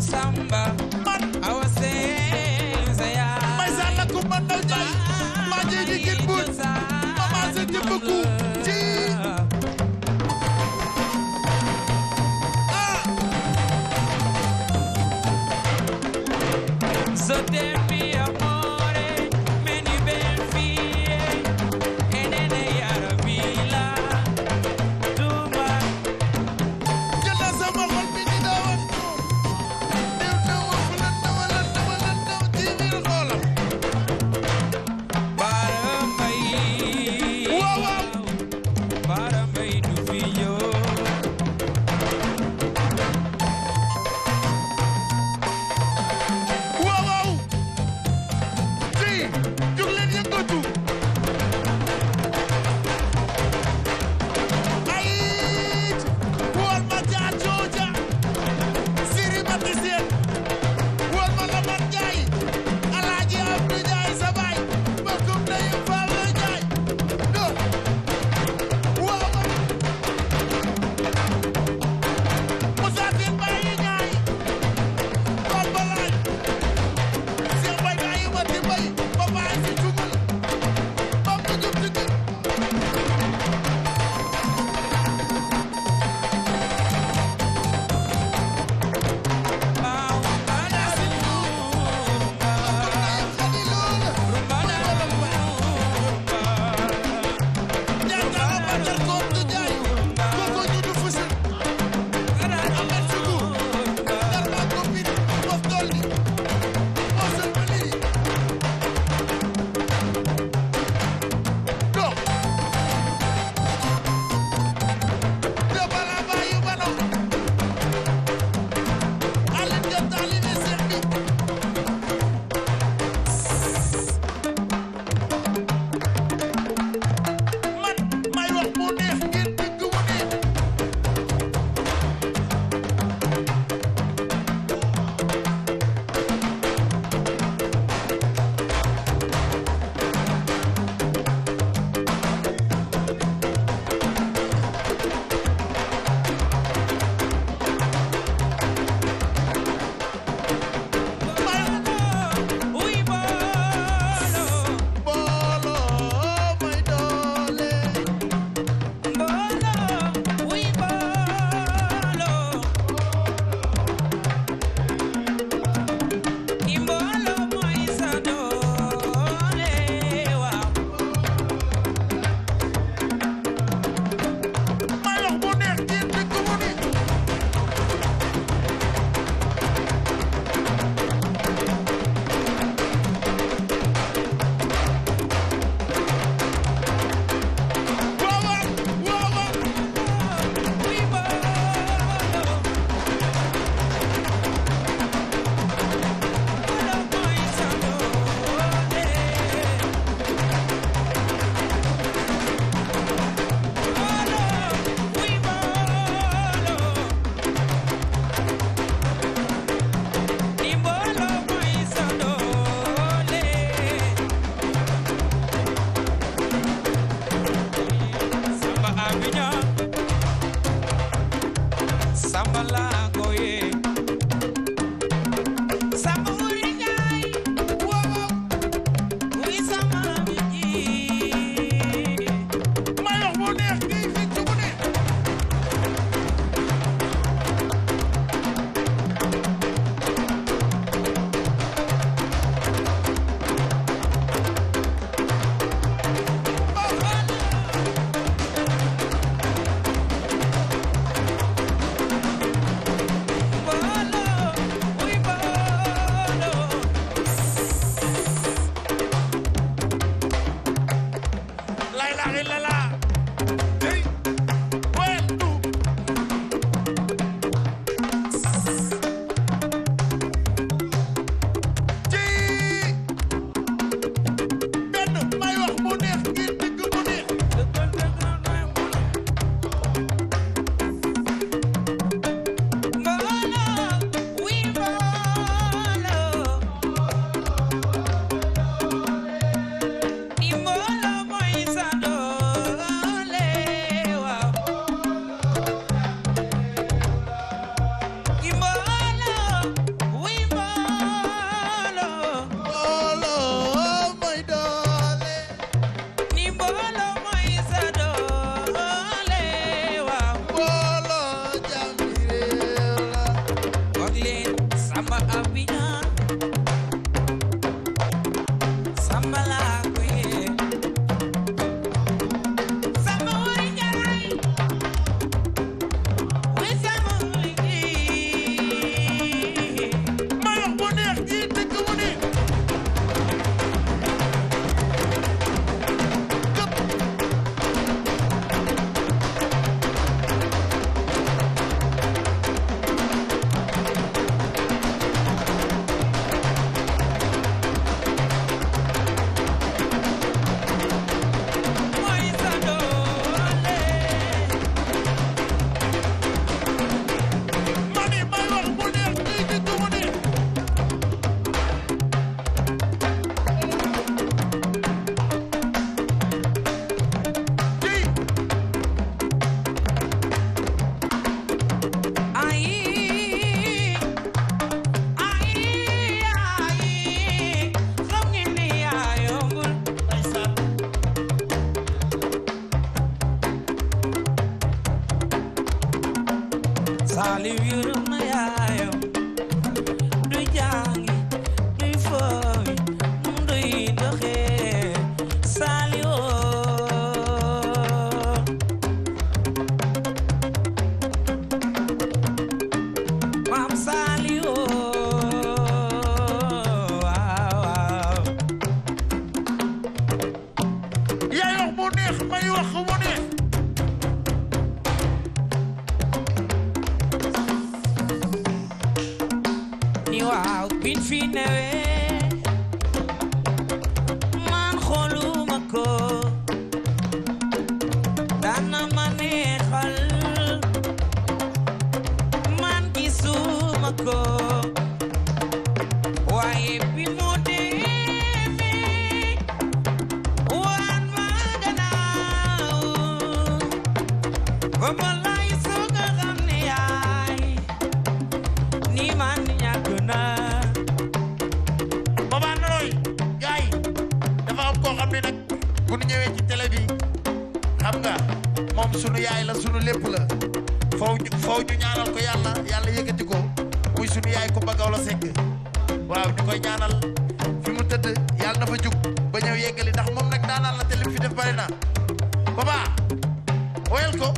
some la Saliou yërëm na yaayam bu nu ñëwee ci télé bi xam nga moom sunu yaay la sunu lépp la faw ñu faw ñu ñaanal ko yàlla yàlla yëkkati sunu yaay Kumba Gawlo Seck waaw ñu koy ñaanal fi mu tëdd yàlla na ba ñëw yeggali ndax moom nag daanaan na Papa woyal ko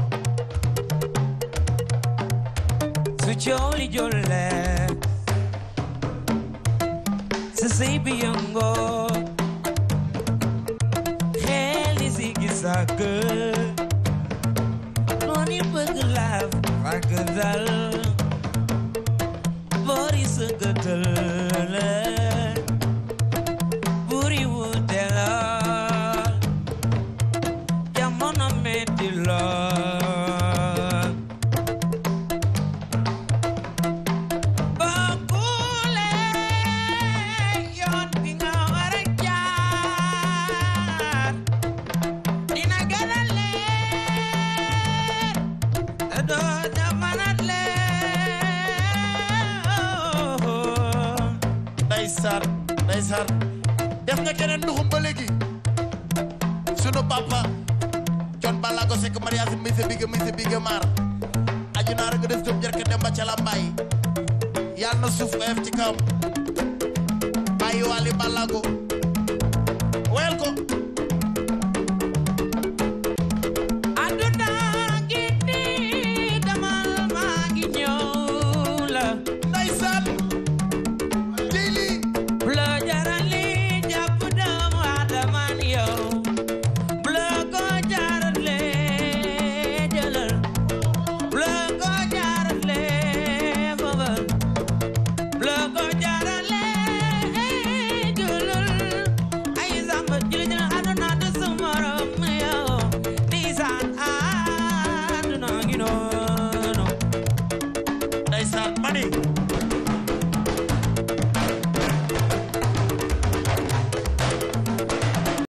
su jooli sa kër noonu bëgg laa fàgg dal boori sa gëtal nga keneen duxum ba léegi sunu papa con balago sek mariage mi sa bigga mi sa bigga maar aju naa nga des doom jarka dem ba ca làmbaay yàlla na suuf oyof ci kawam bàyyi wàlli balago